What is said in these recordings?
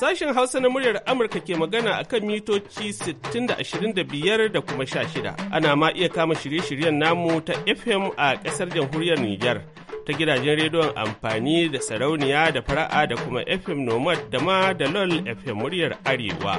Sashen Hausa na muryar Amurka ke magana a kan mitoci 60-25 da kuma sha shida, Ana ma iya kama shirye-shiryen namu ta FM a ƙasar jamhuriyar Nijar ta gidajen rediyon amfani da sarauniya da fara'a da kuma FM Nomad da ma da LOL FM muryar Arewa.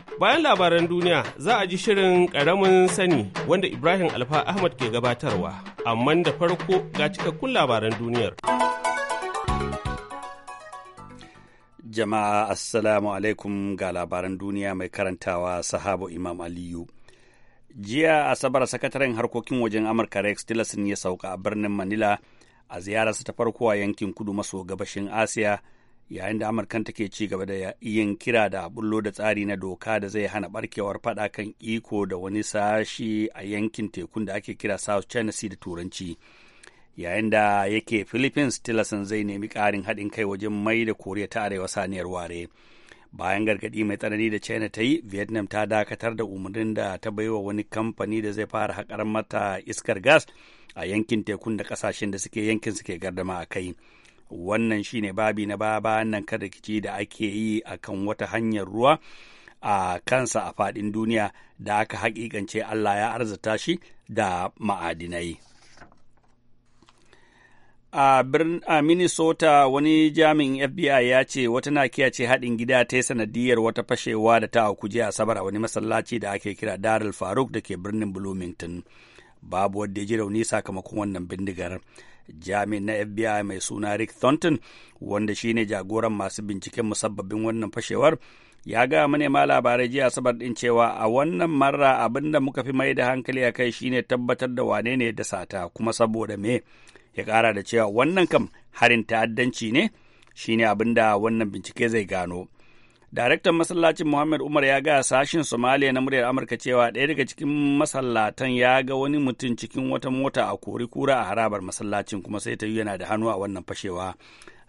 Bayan labaran duniya za a ji shirin karamin sani wanda Ibrahim Alfa Ahmad ke gabatarwa, amma da farko ga cikakkun labaran duniyar. Jama'a Assalamu alaikum ga labaran duniya mai karantawa sahabo Imam Aliyu. Jiya Asabar sakataren harkokin wajen Amurka Rex Tillerson ya sauka a birnin Manila a ziyararsa ta farko a yankin kudu maso gabashin Asiya. yayin da amurkan take ci gaba da yin kira da bullo da tsari na doka da zai hana barkewar fada kan iko da wani sashi a yankin tekun da ake kira south china sea da turanci yayin da yake philippines tillerson zai nemi karin haɗin kai wajen mai da koriya ta arewa saniyar ware bayan gargaɗi mai tsanani da china ta yi vietnam ta dakatar da umarnin da ta baiwa wani kamfani da zai fara haƙar mata iskar gas a yankin tekun da kasashen da suke yankin suke gardama a kai wannan shine babi na baba nan kada rikici da ake yi a kan wata hanyar ruwa a kansa a faɗin duniya da aka hakikance Allah ya arzata shi da ma'adinai. A uh, Minnesota wani jami'in FBI ya ce wata nakiya ce haɗin gida ta yi sanadiyar wata fashewa da ta kuje a sabar a wani masallaci da ake kira Darul Faruk da ke birnin Bloomington. Babu wadda ya ji rauni sakamakon wannan bindigar. jami'in na FBI mai suna Rick Thornton wanda shine jagoran masu binciken musabbabin wannan fashewar ya ga manema labarai jiya asabar din cewa a wannan marra abin da muka fi mai da hankali a kai shine tabbatar da wane ne da sata kuma saboda me ya kara da cewa wannan kam harin ta'addanci ne shine abin da wannan bincike zai gano Daraktan masallacin Muhammad Umar ya ga sashin Somalia na muryar Amurka cewa ɗaya daga cikin masallatan ya ga wani mutum cikin wata mota a kori kura a harabar masallacin kuma sai ta yi yana da hannu a wannan fashewa.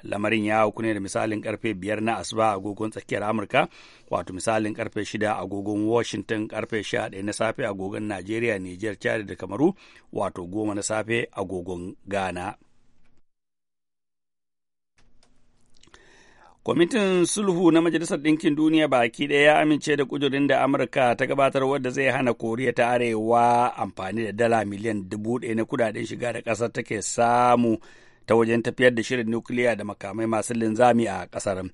Lamarin ya hauku ne da misalin karfe biyar na asuba a agogon tsakiyar Amurka, wato misalin karfe shida a agogon Washington karfe sha ɗaya na safe a agogon Najeriya, Nijar, Chad da Kamaru, wato goma na safe a agogon Ghana. Kwamitin Sulhu na Majalisar Ɗinkin Duniya baki ɗaya ya amince da ƙudurin da Amurka ta gabatar wadda zai hana Koriya ta Arewa amfani da dala miliyan dubu ɗaya na kudaden shiga da ƙasar take samu ta wajen tafiyar da shirin nukiliya da makamai masu linzami a ƙasar.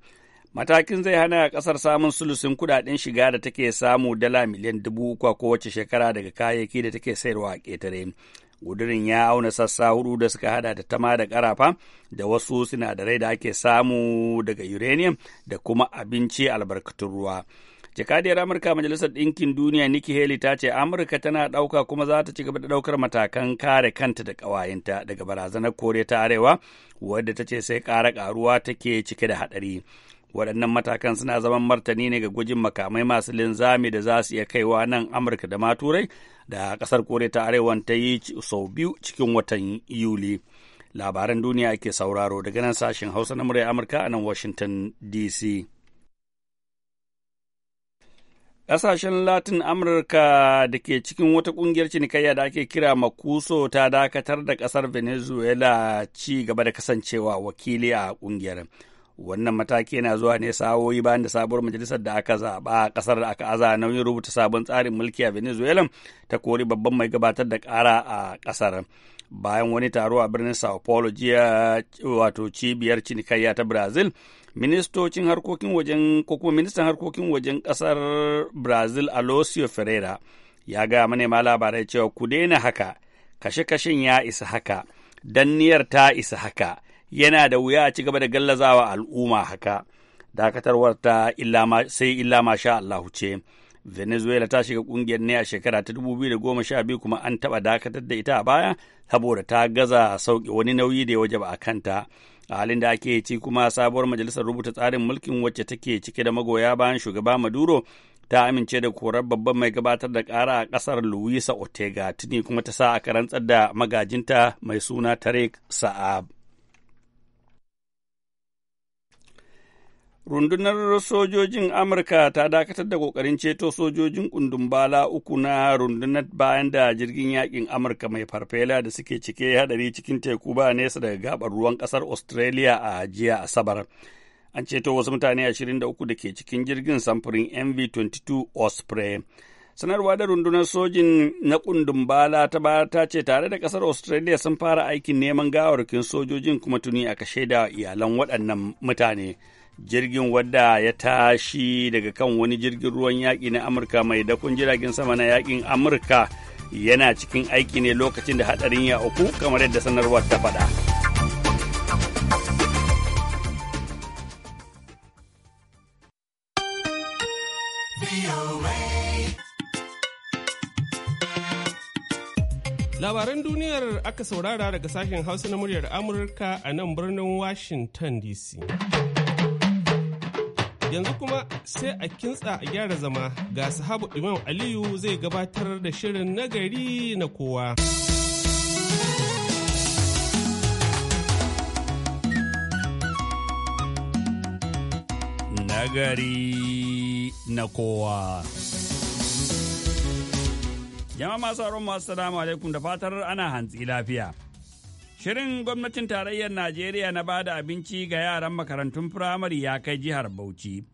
Matakin zai hana ƙasar samun sulusun kudaden shiga da take samu dala miliyan dubu uku a kowace shekara daga kayayyaki da take sayarwa a ƙetare. gudurin ya auna sassa hudu da suka hada da tama da karafa da wasu sinadarai da ake samu daga uranium da kuma abinci albarkatun ruwa jakadiyar amurka majalisar ɗinkin duniya nikki haley ta ce amurka tana ɗauka kuma za ta ci gaba da ɗaukar matakan kare kanta da ƙawayenta daga barazanar kore ta arewa wadda ta ce sai ƙara ƙaruwa take cike da haɗari waɗannan matakan suna zaman martani ne ga gujin makamai masu linzami da za su iya kaiwa nan amurka da ma turai da ƙasar koriya ta arewan ta yi sau biyu cikin watan yuli labaran duniya ke sauraro daga nan sashen hausa na murya amurka a nan washington dc Ƙasashen Latin Amurka da ke cikin wata ƙungiyar cinikayya da ake kira Makuso ta dakatar da ƙasar Venezuela ci gaba da kasancewa wakili a ƙungiyar. wannan mataki yana zuwa ne sa'o'i bayan da sabuwar majalisar da aka zaɓa a ƙasar da aka aza nauyin rubuta sabon tsarin mulki a venezuela ta kori babban mai gabatar da ƙara a ƙasar bayan wani taro a birnin sao paulo jiya wato cibiyar cinikayya ta brazil ministocin harkokin wajen ko kuma ministan harkokin wajen ƙasar brazil alosio ferreira ya ga manema labarai cewa ku daina haka kashe-kashen ya isa haka danniyar ta isa haka yana da wuya a ci gaba da gallazawa al'umma haka dakatarwar ta sai illa ma sha Allahu ce venezuela ta shiga kungiyar ne a shekara ta 2012 kuma an taɓa dakatar da ita a baya saboda ta gaza sauƙi wani nauyi da ya waje ba a kanta a halin da ake ci kuma sabuwar majalisar rubuta tsarin mulkin wacce take cike da magoya bayan shugaba maduro ta amince da korar babban mai gabatar da ƙara a ƙasar luisa ortega tuni kuma ta sa a karantsar da magajinta mai suna tarek sa'ab rundunar sojojin Amurka ta dakatar da kokarin ceto sojojin bala uku na rundunar bayan da jirgin yakin Amurka mai farfela da suke cike hadari cikin teku ba nesa daga gabar ruwan ƙasar Australia a jiya Asabar. An ceto wasu mutane 23 da ke cikin jirgin samfurin MV-22 Osprey. sanarwa da rundunar sojin na kundin bala ta baya ta ce tare da kasar australia sun fara aikin neman gawarkin sojojin kuma tuni a kashe da iyalan waɗannan mutane jirgin wadda ya tashi daga kan wani jirgin ruwan yaƙi na amurka mai dakon jiragen sama na yaƙin amurka yana cikin aiki ne lokacin da haɗarin ya uku kamar yadda sanarwar ta faɗa labaran duniyar aka saurara daga sashen hausa na muryar amurka a nan birnin washington dc Yanzu kuma sai a kintsa a gyara zama ga sahabu Imam Aliyu zai gabatar da shirin nagari na kowa. Nagari na kowa. Jama'a masu masu salamu alaikum da fatar ana hantsi lafiya. Shirin gwamnatin tarayyar Najeriya na bada abinci ga yaran makarantun firamare ya kai jihar Bauchi,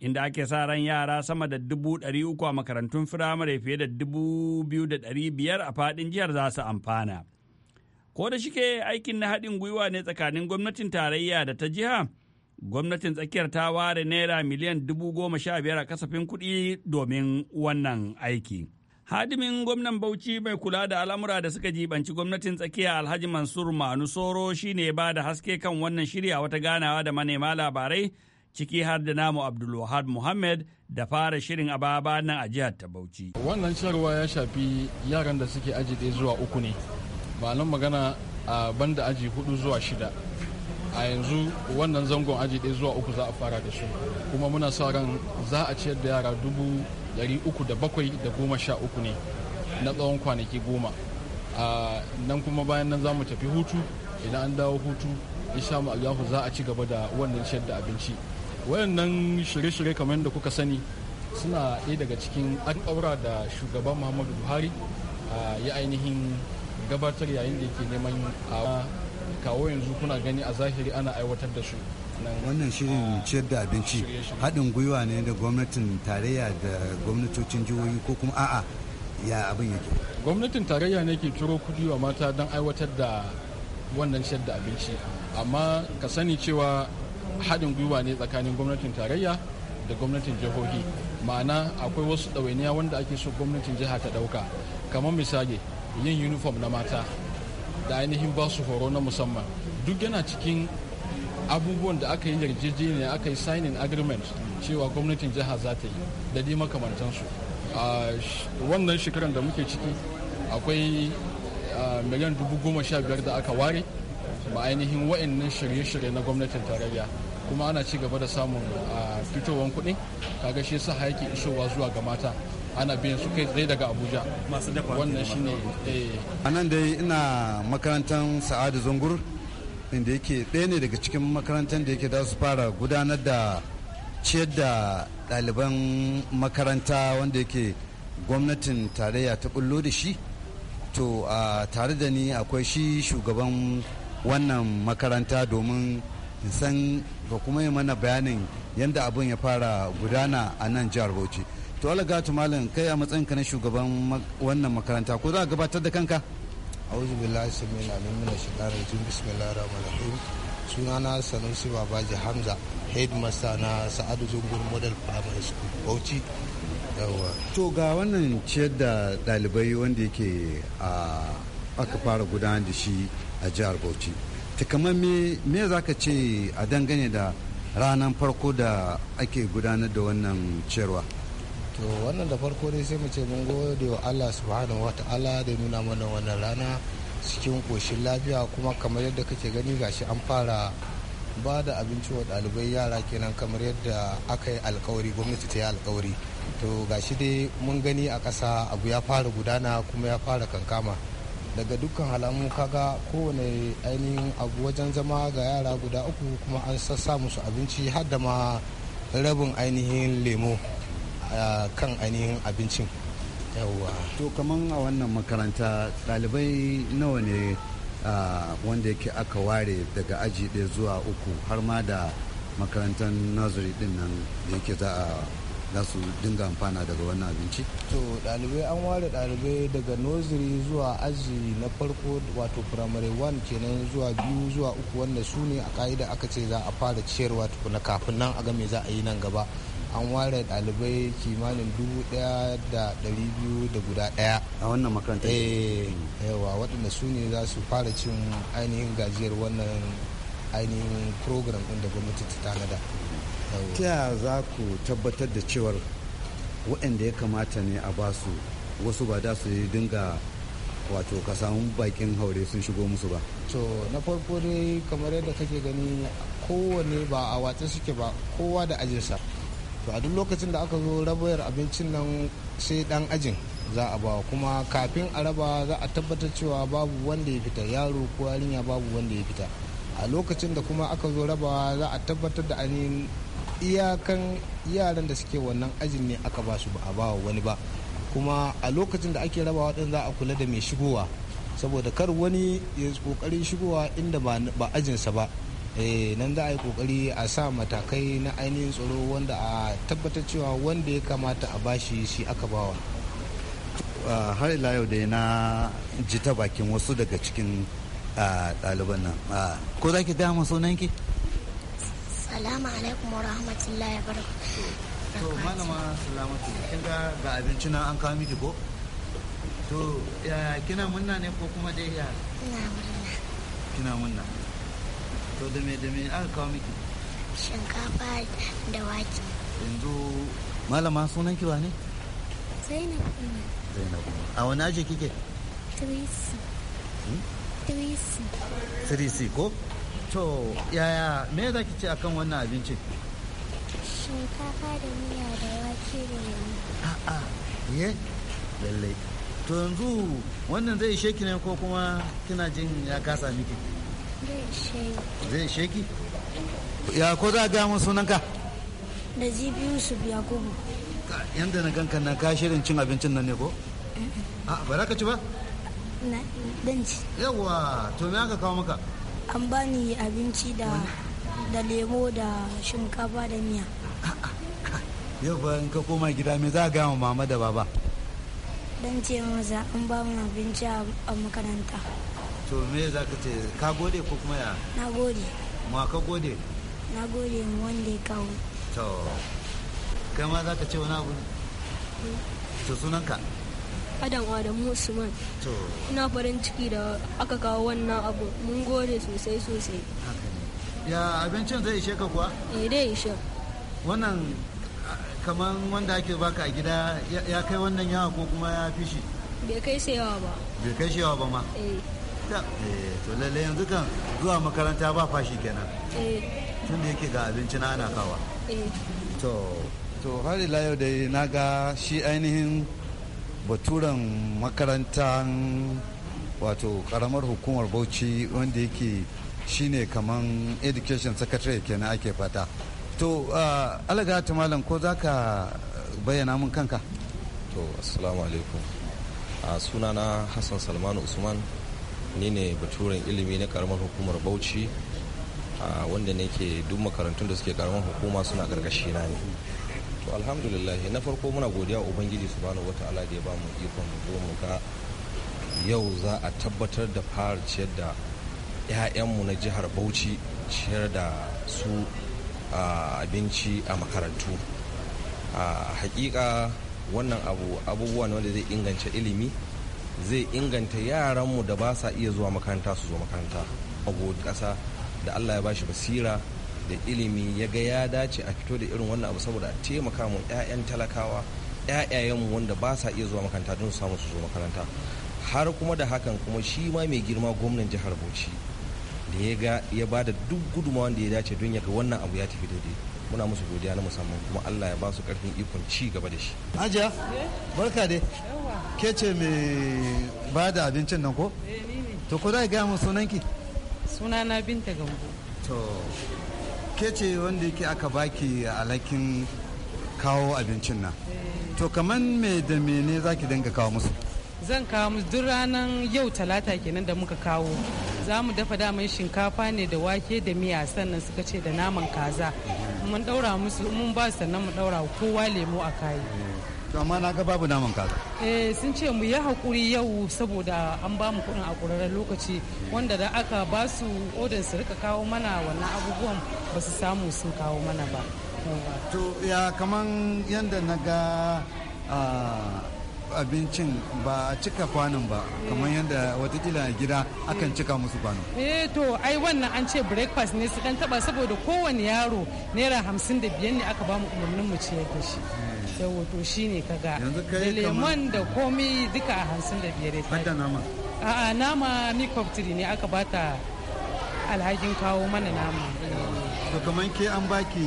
inda ake sa ran yara sama da dubu ɗari uku a makarantun firamare fiye da dubu biyu da ɗari biyar a faɗin jihar za su amfana. Ko da shike aikin na haɗin gwiwa ne tsakanin gwamnatin tarayya da ta jiha, gwamnatin tsakiyar ta ware naira miliyan dubu goma sha biyar a kasafin kuɗi domin wannan aiki. Hadimin gwamnan Bauchi mai kula da al'amura da suka jibanci gwamnatin tsakiya Alhaji Mansur Manu Soro shine ba da haske kan wannan shirya wata ganawa da manema labarai ciki har da namu Abdulwahab Muhammad da fara shirin a baba nan a jihar ta Bauchi. Wannan ciyarwa ya shafi yaran da suke aji ɗaya zuwa uku ne. Ba nan magana a banda aji hudu zuwa shida. a yanzu wannan zangon aji ɗaya zuwa uku za a fara da su kuma muna sa ran za a ciyar da yara dubu uku ne na tsawon kwanaki goma nan kuma bayan nan za mu tafi hutu idan an dawo hutu insha Allahu za a ci gaba da wannan ciyar da abinci wayannan shirye-shirye kamar da kuka sani suna ɗaya daga cikin ɗaura da shugaban muhammadu buhari ya ainihin gabatar yayin da yake neman a kawo yanzu kuna gani a zahiri ana aiwatar da su wannan shirin ciyar da abinci haɗin gwiwa ne da gwamnatin tarayya da gwamnatocin jihohi ko kuma a'a ya abin yake gwamnatin tarayya ne ke turo kudi wa mata don aiwatar da wannan ciyar da abinci amma ka sani cewa haɗin gwiwa ne tsakanin gwamnatin tarayya da gwamnatin jihohi ma'ana akwai wasu ɗawainiya wanda ake so gwamnatin jiha ta ɗauka kamar misali yin uniform na mata da ainihin ba su horo na musamman duk yana cikin abubuwan da aka yi yarjejeniya aka yi signing agreement cewa gwamnatin jiha za ta yi da dai makamantansu a wannan shekarar da muke ciki akwai miliyan dubu goma sha biyar da aka ware ba ainihin wa'annan shirye-shirye na gwamnatin tarayya kuma ana ci gaba da samun fitowar kuɗi kaga shi sa haiki isowa zuwa ga mata ana biyan su kai tsaye daga abuja wannan shine eh. a nan dai ina makarantar sa'adu zungur inda yake ɗaya ne daga cikin makarantar da yake da su fara gudanar da ciyar da ɗaliban makaranta wanda yake gwamnatin tarayya ta bullo da shi to a tare da ni akwai shi shugaban wannan makaranta domin san ga kuma yi mana bayanin yadda abin ya fara gudana a nan jihar bauchi to alaga malam kai a matsayin ka na shugaban wannan makaranta ko za a gabatar da kanka auzu billahi sami na mimina shiga rajin bismillah rahman rahim sunana sanusi babaji hamza headmaster na sa'adu zungur model primary school bauchi yawa to ga wannan ciyar da ɗalibai wanda yake a aka fara gudanar da shi a jihar bauchi takamamme me za ka ce a dangane da ranar farko da ake gudanar da wannan ciyarwa to wannan da farko dai sai mu ce mun gode wa allah subhanahu wata'ala da nuna mana wannan rana cikin koshin lafiya kuma kamar yadda kake gani gashi an fara ba da abinci wa ɗalibai yara kenan kamar yadda aka yi alkawari gwamnati ta yi alkawari to gashi dai mun gani a ƙasa abu ya fara gudana kuma ya fara kankama daga dukkan alamu kaga kowane ainihin abu wajen zama ga yara guda uku kuma an sassa musu abinci har da ma rabin ainihin lemo kan ainihin abincin yawwa to kaman a wannan makaranta ɗalibai nawa ne wanda yake aka ware daga aji ɗaya zuwa uku har ma da makarantar nursery din nan da yake za a za su dinga amfana daga wannan abinci? to ɗalibai an ware ɗalibai daga nursery zuwa aji na farko wato primary one kenan zuwa biyu zuwa uku wanda su ne a ka'ida aka ce za a fara ciyarwa tukuna kafin nan a ga me za a yi nan gaba an ware ɗalibai kimanin dubu ɗaya da ɗari biyu da guda ɗaya a wannan makaranta eh, yawa waɗanda su ne za su fara cin ainihin gajiyar wannan ainihin program ɗin da gwamnati ta tanada ta za ku tabbatar da cewar waɗanda ya kamata ne a ba su wasu ba da su yi dinga wato ka samu bakin haure sun shigo musu ba to na farko dai kamar yadda kake gani kowane ba a watsa suke ba kowa da ajinsa to a duk lokacin da aka zo rabayar abincin nan sai dan ajin za a ba kuma kafin a raba za a tabbatar cewa babu wanda ya fita yaro ko yarinya babu wanda ya fita a lokacin da kuma aka zo rabawa za a tabbatar da ainihin iyakan yaran da suke wannan ajin ne aka ba su ba a ba wani ba kuma a lokacin da ake rabawa din za a kula da mai shigowa saboda kar wani ya kokarin shigowa inda ba ajinsa ba Eh, nan za a yi kokari a sa matakai na ainihin tsaro wanda a tabbatar cewa wanda ya kamata a bashi shi aka bawa har ila yau dai na ji ta bakin wasu daga cikin ɗaliban nan ko za ki dama sunanki salamu alaikum wa rahmatullahi wa to malama salamatu kin ga ga abinci an kawo miki ko to kina munna ne ko kuma dai ya kina munna kina munna to da me da me aka kawo miki shinkafa da wake yanzu malama sunan kiwa ne zainab a wani aji kike 3c 3c hmm? ko to yaya me za ki ce akan wannan abincin shinkafa da miya da wake da a a'a ye lallai to yanzu wannan zai ishe ki ne ko kuma kina jin ya kasa miki zai ishe ya ko za a gaya mun sunanka da zibiyu su biya Yanda yadda na ganka na ka shirin cin abincin nan ne ko eh, eh. a ah, ba za ka ci ba na dan ci yawa to me aka kawo maka an bani abinci da da lemo da shinkafa da miya yau ba in ka koma gida me za a gaya mama da baba dan ce maza an ba mu abinci a makaranta to me za ka ce ka gode ko kuma ya na gode ma ka gode na gode wanda ya kawo to kai ma za ka ce wani abu eh. to sunanka adam adamu usman ina farin ciki da aka kawo wannan abu mun gode sosai sosai ya abincin zai ishe ka kuwa eh dai ishe wannan kamar wanda ake baka a gida ya kai wannan yawa ko kuma ya fi shi bai kai sayawa ba bai kai sayawa ba ma eh makaranta eh to lalle yanzu kan zuwa makaranta ba fashi kenan eh tun da yake ga abinci na ana kawa eh. to to har ila yau dai na ga shi ainihin baturen makarantar wato karamar hukumar bauchi wanda yake shine kaman education secretary kenan ake fata to ah, alaga ta malam ko za ka bayyana mun kanka to assalamu alaikum a ah, sunana hassan salmanu usman ni ne baturen ilimi na karamar hukumar bauchi wanda ke duk makarantun da suke karamar hukuma suna karkashi na ne to alhamdulillah na farko muna godiya wa ubangiji wa ta'ala da ya ba mu ikon zo mu ga yau za a tabbatar da fara ciyar da 'ya'yanmu na jihar bauchi ciyar da su abinci a makarantu a hakika wannan abu abubuwa wanda zai inganta ilimi zai inganta yaranmu da ba sa iya zuwa makaranta su zo makaranta a ƙasa da allah ya bashi basira da ilimi ya ga ya dace a fito da irin wannan abu saboda a taimaka mu 'ya'yan talakawa 'ya'yayenmu wanda ba sa iya zuwa makaranta don su samu su zo makaranta har kuma da hakan kuma shi ma mai girma gwamnan jihar bauchi da ya ga ya ba da duk gudunmawa da ya dace don ya ga wannan abu ya tafi daidai muna musu godiya na musamman kuma Allah ya ba su karfin ikon ci gaba da shi ajiya eh? barka dai ke ce mai ba da abincin nan ko eh, to ko za gaya mu sunanki Suna na binta gambo to ke ce wanda yake aka baki alakin kawo abincin nan eh. to kaman me da ne za ki dinga kawo musu zan kawo mu duk ranar yau talata kenan da muka kawo za mu dafa daman shinkafa ne da wake da miya sannan suka ce da naman kaza mun daura musu mun ba sannan mu daura kowa lemo a kayi to amma na ga babu naman kaza eh sun ce mu yi hakuri yau saboda an ba mu kuɗin a ƙurarren lokaci wanda da aka ba su odin su rika kawo mana wannan abubuwan ba su samu sun kawo mana ba to ya kaman yanda na ga ah, abincin ba a cika kwanan ba kamar eh. yadda watakila a gida akan eh. cika musu kwanan. eh to ai wannan an ce breakfast ne su dan taba saboda kowane yaro naira hamsin da biyar ne aka mu umarnin mu ciyar da shi eh. yawo to ne ka da lemon da komi duka a hamsin da biyar ya nama a'a nama ni koftiri ne aka bata alhakin kawo mana nama to kamar ke an baki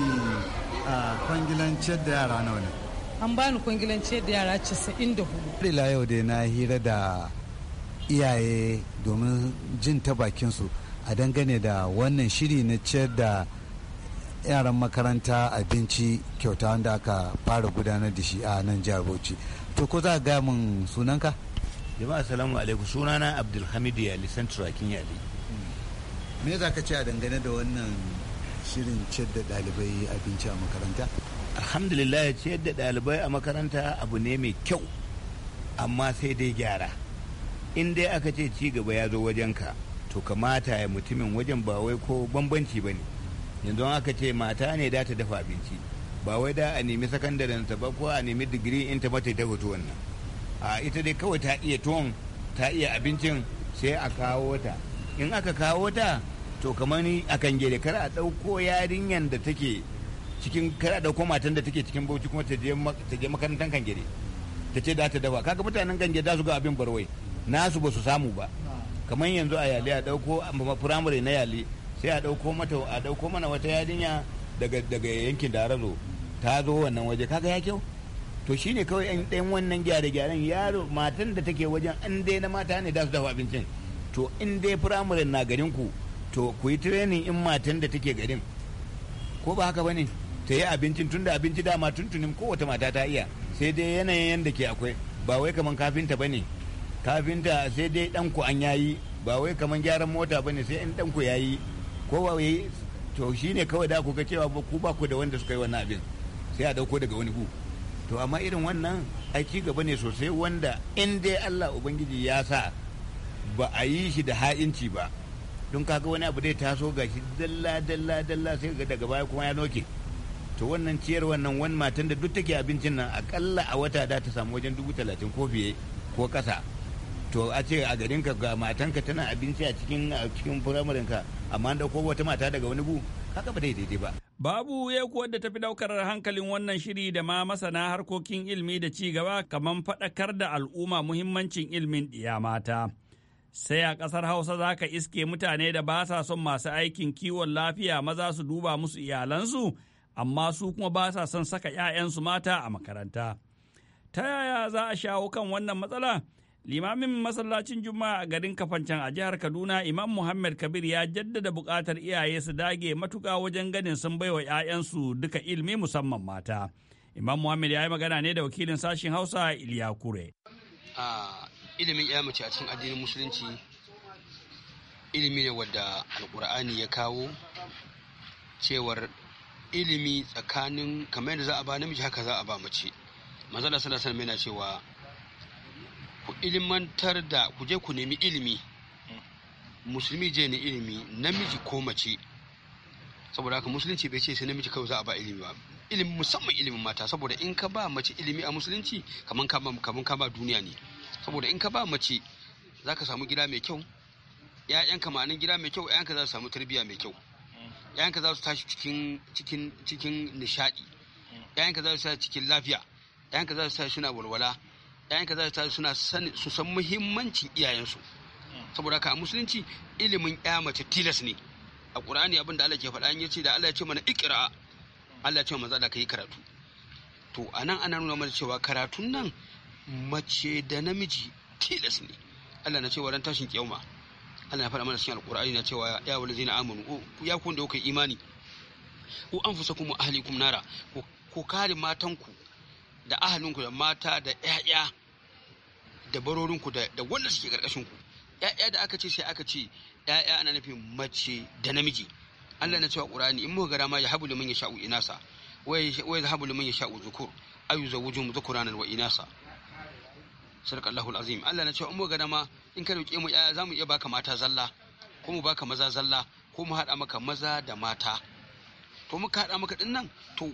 ah, kwangilan ciyar da yara na wani. an bani kwangilance da yara 94 ila yau dai na hira da iyaye domin jin ta bakinsu a dangane da wannan shiri na ciyar da yaran makaranta abinci kyauta wanda aka fara gudanar da shi a nan jihar bauchi to ko za ga min sunanka jama'a assalamu alaikum sunana abdulhamid yali santurakin yali me za ka ce a dangane da wannan shirin ciyar da ɗalibai abinci a makaranta alhamdulillah ya ce da ɗalibai a makaranta abu ne mai kyau amma sai dai gyara in dai aka ce ci gaba ya zo wajenka to kamata ya mutumin wajen ba wai ko bambanci ba ne yanzu aka ce mata ne da ta dafa abinci ba wai da a nemi sakandaren ta ba ko a nemi digiri in ta bata ta hoto wannan a ita dai kawai ta iya tuwon ta iya abincin sai a kawo ta in aka kawo ta to kamar akan gere kar a ɗauko yarinyar da take cikin kada dauko matan da take cikin bauchi kuma ta je makarantar kangere ta ce da ta dawa kaga mutanen kangere da su ga abin barwai nasu ba su samu ba kamar yanzu a yali a dauko firamare na yali sai a dauko mata a dauko mana wata yarinya daga daga yankin dararo ta zo wannan waje kaga ya kyau to shine kawai ɗan ɗayan wannan gyare gyaren yaro matan da take wajen an dai na mata ne da su dafa abincin to in dai firamare na garin ku to ku yi training in matan da take garin ko ba haka bane ta yi abincin tunda abinci dama tuntunin kowace mata ta iya sai dai yanayin yadda ke akwai ba wai kaman kafinta ba ne kafinta sai dai ɗanku an yayi ba wai kaman gyaran mota ba ne sai in ɗanku yayi ko ba yayi to shine kawai da kuka cewa ba ku ba ku da wanda suka yi wannan abin sai a dauko daga wani gu to amma irin wannan ci gaba ne sosai wanda in dai Allah ubangiji ya sa ba a yi shi da ha'inci ba don kaga wani abu dai taso gashi dalla dalla dalla sai daga baya kuma ya noke to wannan ciyar wannan wani matan da duk take abincin nan akalla a wata da ta samu wajen dubu talatin ko fiye ko kasa to a ce a garin ka ga matanka tana abinci a cikin a cikin firamarin ka amma da ko wata mata daga wani gu haka ba daidai ba babu ya kuwa da tafi daukar hankalin wannan shiri da ma masana harkokin ilmi da ci gaba kamar faɗakar da al'umma muhimmancin ilmin ɗiya mata sai a ƙasar hausa za ka iske mutane da ba sa son masu aikin kiwon lafiya maza su duba musu iyalansu amma su kuma ba sa son saka 'ya'yansu mata a makaranta. Ta yaya za a shawo kan wannan matsala? Limamin masallacin Juma'a a garin Kafancan a jihar Kaduna, Imam Muhammad Kabir ya jaddada buƙatar iyaye su dage matuka wajen ganin sun baiwa 'ya'yansu duka ilmi musamman mata. Imam Muhammad ya yi magana ne da wakilin sashen Hausa Iliya Kure. ilimin ya mace a cikin addinin musulunci ilimi ne wadda alkur'ani ya kawo cewar ilimi tsakanin kamar yadda za a ba namiji haka za a ba mace manzala sallallahu alaihi na cewa ku ilimantar da ku je ku nemi ilimi musulmi je ne ilimi namiji ko mace saboda haka musulunci bai ce sai namiji kawai za a ba ilimi ba ilimin musamman ilimin mata saboda in ka ba mace ilimi a musulunci kaman ka kaman ka ba duniya ne saboda in ka ba mace za ka samu gida mai kyau ƴaƴanka ma'anin gida mai kyau ƴaƴanka za su samu tarbiyya mai kyau yayanka za su tashi cikin cikin cikin nishadi yayanka za su tashi cikin lafiya yayanka za su tashi suna walwala yayanka za su tashi suna su san muhimmancin iyayensu saboda haka musulunci ilimin ya mace tilas ne a qur'ani abinda Allah ke faɗa yace da Allah ya ce mana ikra Allah ya ce manzo Allah kai karatu to anan ana nuna mana cewa karatun nan mace da namiji tilas ne Allah na ce wa tashin kiyama ana ya faɗa mana cikin alƙur'ani na cewa ya wani zina amanu ya kun da kuka imani ku anfusakum wa ahlikum nara ku kare matanku da ahalinku da mata da ƴaƴa da barorinku da wanda suke karkashin ku ƴaƴa da aka ce sai aka ce ƴaƴa ana nufin mace da namiji Allah na cewa Qur'ani in muka gara ma ya habu liman sha'u inasa wai ya habu liman sha'u zukur ayu zawjuhum zukuranar wa inasa sadaqallahu azim Allah na ce in mu dama in ka roƙe mu yaya zamu iya baka mata zalla ko mu baka maza zalla ko mu haɗa maka maza da mata to muka haɗa maka din nan to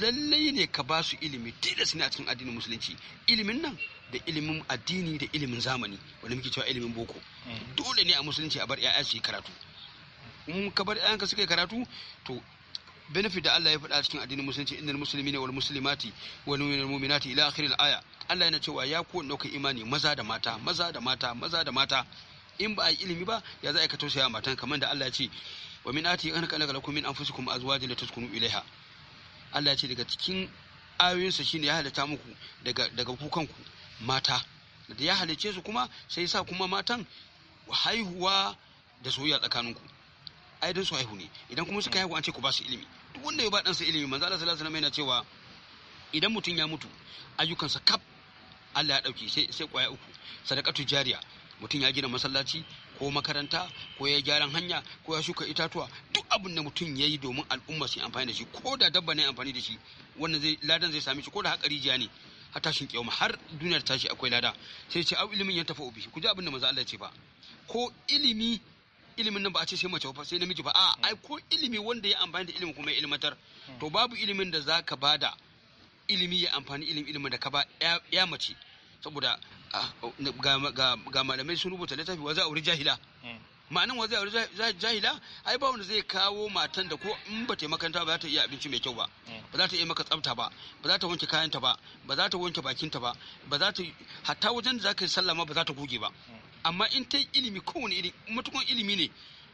lallai ne ka ba su ilimi tilas ne a cikin addinin musulunci ilimin nan da ilimin addini da ilimin zamani wanda muke cewa ilimin boko mm. dole ne a musulunci a bar 'ya'ya su karatu in ka bar 'ya'yanka suka yi karatu to benefit da Allah ya faɗa cikin addinin musulunci innal muslimina wal muslimati wal mu'minati ila akhiril aya Allah yana cewa ya ku nauka imani maza da mata maza da mata maza da mata in ba a yi ilimi ba ya za a ka tausaya matan kamar da Allah ya ce wa min ati an kana lakum min anfusikum azwajan la taskunu ilaiha Allah ya ce daga cikin ayoyinsa shine ya halitta muku daga daga ku kanku mata da ya halice su kuma sai sa kuma matan haihuwa da soyayya tsakaninku aidan su haihu ne idan kuma suka haihu an ce ku ba su ilimi duk wanda ya ba ɗansa ilimi manzo Allah sallallahu alaihi wasallam yana cewa idan mutum ya mutu ayyukansa kaf Allah ya ɗauki sai sai kwaya uku sadaqatu jariya mutum ya gina masallaci ko makaranta ko ya gyaran hanya ko ya shuka itatuwa duk abin da mutum ya yi domin al'umma su amfani da shi ko da dabba ne amfani da shi wannan zai ladan zai same shi ko da haƙari jiya ne har tashin kiyama har duniyar tashi akwai lada sai ce au ilimin ya tafi ubi ku ji abin da manzo Allah ya ce ba ko ilimi ilimin nan ba a ce sai mace ba sai namiji ba a ai ko ilimi wanda ya amfani da ilimin kuma ya ilmantar to babu ilimin da za ba bada ilimi ya amfani ilimin ilimin da ka ba ya mace saboda ga malamai sun rubuta littafi wa za a wuri jahila hmm. ma'anin wa a wuri jahila ai ba wanda zai kawo matan da ko in ba taimakanta ba za ta iya abinci mai kyau ba hmm. ba za ta iya maka tsafta ba ba za ta wanke kayanta ba ba za ta wanke bakinta ba ba za ta hatta wajen da za ka yi sallama ba za ta goge ba hmm. amma in ta ilimi kowane ilimi, matukan ilimi ne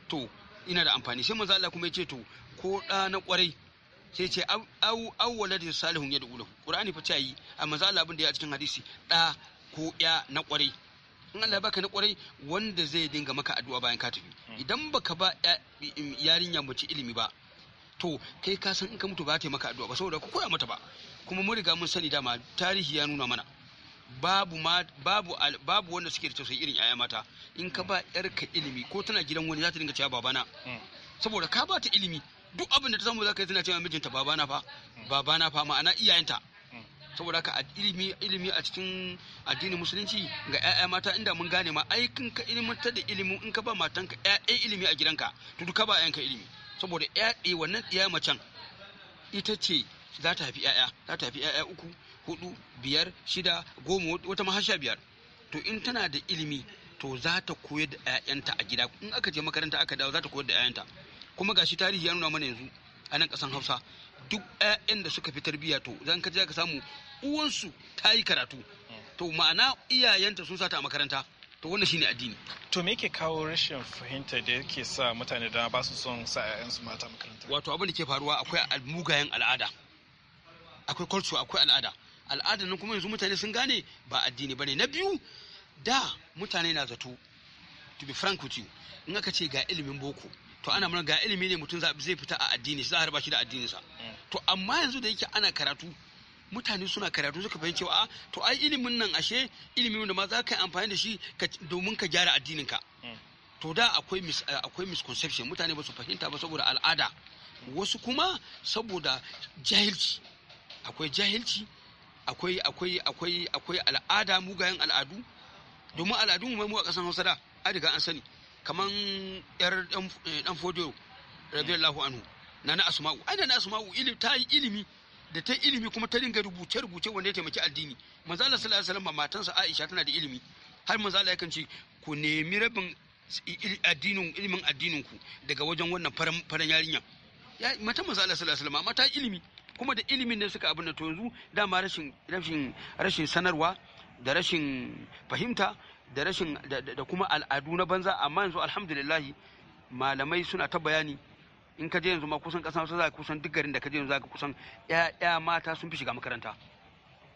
to ina da amfani sai manzo Allah kuma ya ce to ko da na kwarai sai ce au au waladin salihun ya da'ulahu qur'ani fa ta yi a manzo Allah abin da ya cikin hadisi da ko ya na kwarai in Allah baka na kwarai wanda zai dinga maka addu'a bayan ka tafi hmm. idan baka ba yarinya ci ilimi ba to kai ka san in ka mutu ba ta maka addu'a ba saboda ku koya mata ba kuma mun riga mun sani dama tarihi ya nuna mana babu ma babu babu wanda suke da tausayi irin yaya mata in ka mm. ba ƴarka ilimi ko tana gidan wani za ta dinga cewa babana mm. saboda ka ba ta ilimi duk abin da ta samu za ka yi tana cewa mijinta babana fa mm. babana fa ma'ana iyayenta saboda ka ilimi ilimi a cikin addinin musulunci ga 'ya'ya mata inda mun gane ma ai kin ka ilimantar da ilimi in ka ba matanka 'ya'yan ilimi a gidanka to duka ba 'yanka ilimi saboda 'ya'ya eh, wannan ƴaƴa macen ita ce za ta haifi 'ya'ya za ta haifi 'ya'ya uku hudu biyar shida goma wata mahasha biyar to in tana da ilimi to za ta koyar da 'ya'yanta a gida in aka je makaranta aka dawo za ta koyar da 'ya'yanta kuma gashi tarihi ya nuna mana yanzu a nan kasan hausa duk 'ya'yan da suka fi tarbiyya to zan ka je samu uwansu ta yi karatu to ma'ana iyayenta sun sata a makaranta to wannan shine addini to me yake kawo rashin fahimta da yake sa mutane da ba su son sa 'ya'yansu mata makaranta wato abin da ke faruwa akwai mugayen al'ada akwai culture akwai al'ada Al'ada nan kuma yanzu mutane sun gane ba addini bane na biyu da mutane na zato to be frank with you in aka ce ga ilimin boko to ana mana ga ilimi ne mutum zai fita a addini za a harba shi da addininsa mm. to amma yanzu da yake ana karatu mutane suna karatu suka fahimci wa to ai ilimin nan ashe ilimin da ma za ka yi amfani da shi domin ka gyara addinin ka mm. to da eh, akwai misconception mutane ba su fahimta ba saboda al'ada mm. wasu kuma saboda jahilci akwai jahilci akwai akwai akwai akwai al'ada mugayen al'adu domin al'adun mu a kasan Hausa da a riga an sani kaman yar dan eh, fodiyo radiyallahu anhu nana asma'u ai nana asma'u ili ta yi ilimi da ta ilimi kuma ta ringa rubuce rubuce wanda ya taimaki addini manzo Allah sallallahu alaihi wasallam matansa Aisha tana da ilimi har manzo Allah yakan ce ku nemi rabin addinin ilimin addinin ku daga wajen wannan faran yarinya ya mata manzo Allah sallallahu alaihi wasallam mata ilimi kuma da ilimin ne suka abin da to yanzu dama rashin sanarwa da rashin fahimta da rashin da kuma al'adu na banza amma yanzu alhamdulillahi malamai suna ta bayani in ka je yanzu ma kusan kasa za kusan duk garin da ka je yanzu za ka kusan ya mata sun fi shiga makaranta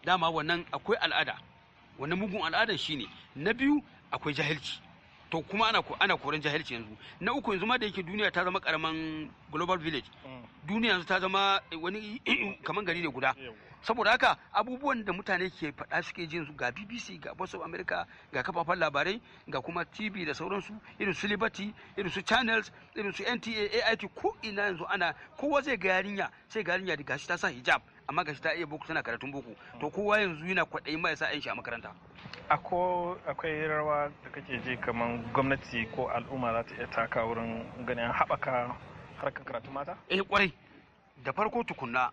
dama wannan akwai al'ada wannan mugun al'adan shine na biyu akwai jahilci to kuma ana ana koran jahilci yanzu na uku yanzu ma da yake duniya ta zama karaman global village mm. duniya yanzu ta zama wani kaman gari ne guda saboda haka abubuwan da mutane ke faɗa suke jin su ga BBC ga boss of America ga kafafen labarai ga kuma TV da sauransu irin su Liberty irin su Channels irin su NTA AIT ko ina yanzu ana kowa zai ga yarinya sai ga yarinya da gashi ta sa hijab amma gashi ta iya boko tana karatun boko mm. to kowa yanzu yana kwaɗayin ma ya sa shi a makaranta akwai rawa da kake ji kamar gwamnati ko al'umma za ta iya taka wurin ganin haɓaka harkar karatu mata? eh kwarai da farko tukunna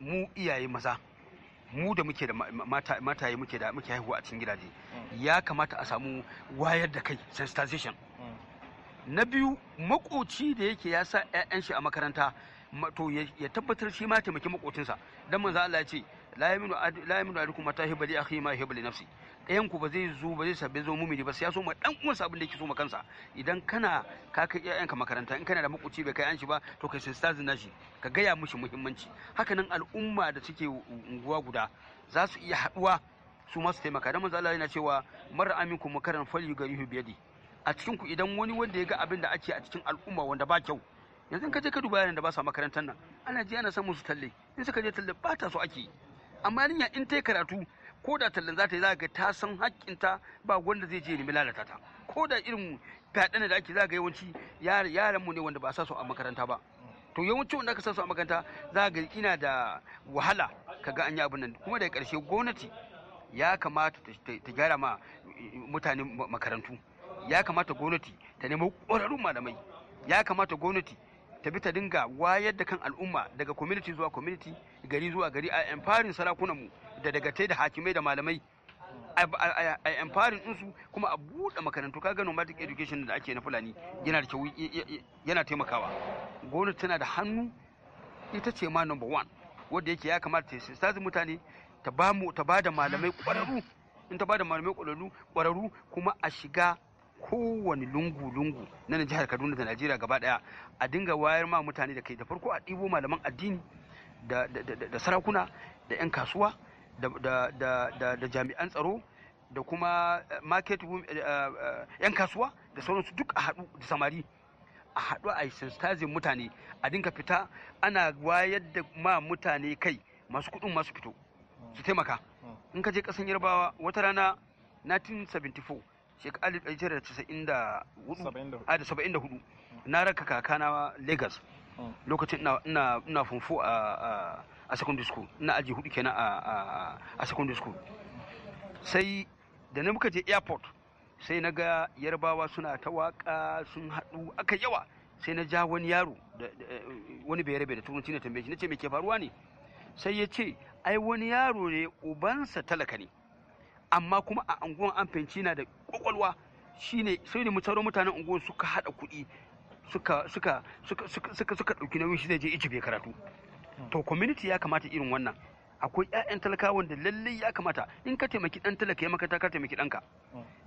mu iyaye maza mu da muke da mataye muke da muke haihuwa a cikin gidaje mm. ya kamata a samu wayar da kai sensitization mm. na biyu makoci da yake ya sa 'ya'yan shi a makaranta to ya tabbatar shi ma taimaki makocinsa dan manzo Allah ya ce la yaminu la yaminu alaikum mata hibali akhi ma hibali nafsi ɗayan ku ba zai zo ba zai sabbe zo mumini ba sai ya so ma dan uwansa abin da yake so ma kansa idan kana ka kai ƴaƴanka makaranta in kana da makuci bai kai an shi ba to kai sai stazin nashi ka gaya mishi muhimmanci nan al'umma da suke unguwa guda za su iya haɗuwa su ma su taimaka dan manzo Allah yana cewa mar aminkum makaran yugarihu biyadi a cikin ku idan wani wanda ya ga abin da ake a cikin al'umma wanda ba kyau yanzu ka je ka duba yaran da ba sa makarantar nan ana ji ana san musu talle in suka je talle ba ta so ake amma yarinya in ta karatu ko da tallan za ta yi za ga ta san haƙƙinta ba wanda zai je nemi lalata ta ko da irin fyaɗe da ake za ga yawanci yaran mu ne wanda ba sa su a makaranta ba to yawanci wanda aka sa su a makaranta za ga ina da wahala ka ga an yi abin nan kuma daga ƙarshe gwamnati ya kamata ta gyara ma mutane makarantu ya kamata gwamnati ta nemo ƙwararrun malamai ya kamata gwamnati ta bi ta dinga wayar da kan al'umma daga community zuwa community gari zuwa gari a empowering sarakunan mu da dagatai da hakimai da malamai a amfarin insu kuma a buɗe makarantu kaga nomadic education da ake na fulani yana da kyau yana taimakawa gwamnati tana da hannu ita ce ma number one wadda yake ya kamata ta sazi mutane ta ba ta ba da malamai ƙwararru in ta ba da malamai ƙwararru kuma a shiga kowane lungu-lungu na jihar kaduna da najeriya gaba daya a dinga wayar ma mutane da kai da farko a ɗibo malaman addini da sarakuna da 'yan kasuwa da jami'an tsaro da kuma eh, market eh, eh, yan kasuwa da sauransu duk a haɗu da samari a haɗu a sensitizing mutane a dinka fita ana wayar da ma mutane kai masu kuɗin masu fito su taimaka in ka je ƙasan yarbawa wata rana 1974 shekarar 1974 na raka kakana lagos hmm. lokacin ina funfo a a secondary school na aji hudu kenan a a secondary school sai da na muka je airport sai na ga yarbawa suna ta waka sun haɗu aka yawa sai na ja wani yaro wani bai rabe da turanci na tambaye shi nace me ke faruwa ne sai ya ce ai wani yaro ne ubansa talaka ne amma kuma a unguwan an fahimci na da kwakwalwa shine sai ne mutaro mutanen unguwan suka hada kuɗi suka suka suka suka suka ɗauki nauyin shi zai je ijibe karatu to community ya kamata irin wannan akwai 'ya'yan talakawan da lallai ya kamata in ka taimaki dan talaka ya makaranta ka taimaki ɗanka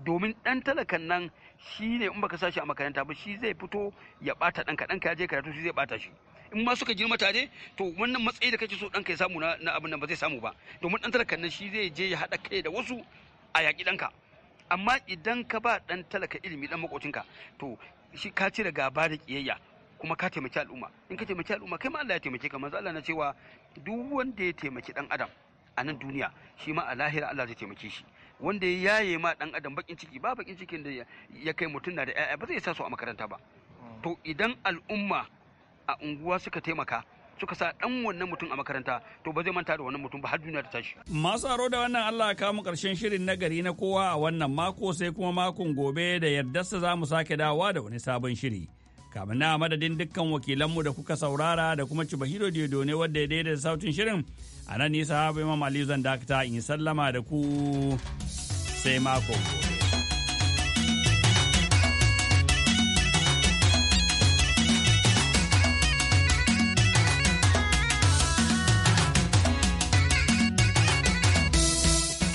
domin dan talakan nan shi ne in baka sashi a makaranta ba shi zai fito ya bata ɗanka ɗanka ya je karatu shi zai bata shi in ma suka girma tare to wannan matsayi da kake so ɗanka ya samu na abin nan ba zai samu ba domin dan talakan nan shi zai je ya haɗa kai da wasu a yaƙi ɗanka amma idan ka ba ɗan talaka ilimi ɗan makocinka to shi ka cire gaba da kiyayya kuma ka taimaki al'umma in ka taimaki al'umma kai ma Allah ya taimake ka manzo Allah na cewa duk wanda ya taimaki dan adam a nan duniya shi ma a lahira Allah zai taimake shi wanda ya yaye ma dan adam bakin ciki ba bakin cikin da ya kai mutum na da ƴaƴa ba zai sa su a makaranta ba hmm. to idan al'umma a unguwa suka taimaka suka sa dan wannan mutum a makaranta to ba zai manta da wannan mutum ba har duniya ta tashi masu aro da wannan Allah ya kawo karshen shirin na gari na kowa a wannan mako sai kuma makon gobe da yardarsa za mu sake dawowa da wani sabon shiri kamar na madadin dukkan wakilanmu da kuka saurara da kuma Cibahiro Diodo ne wadda ya daidaita sautin shirin a nan nisa habu Imam Aliyu zan dakata in sallama da ku sai mako gobe.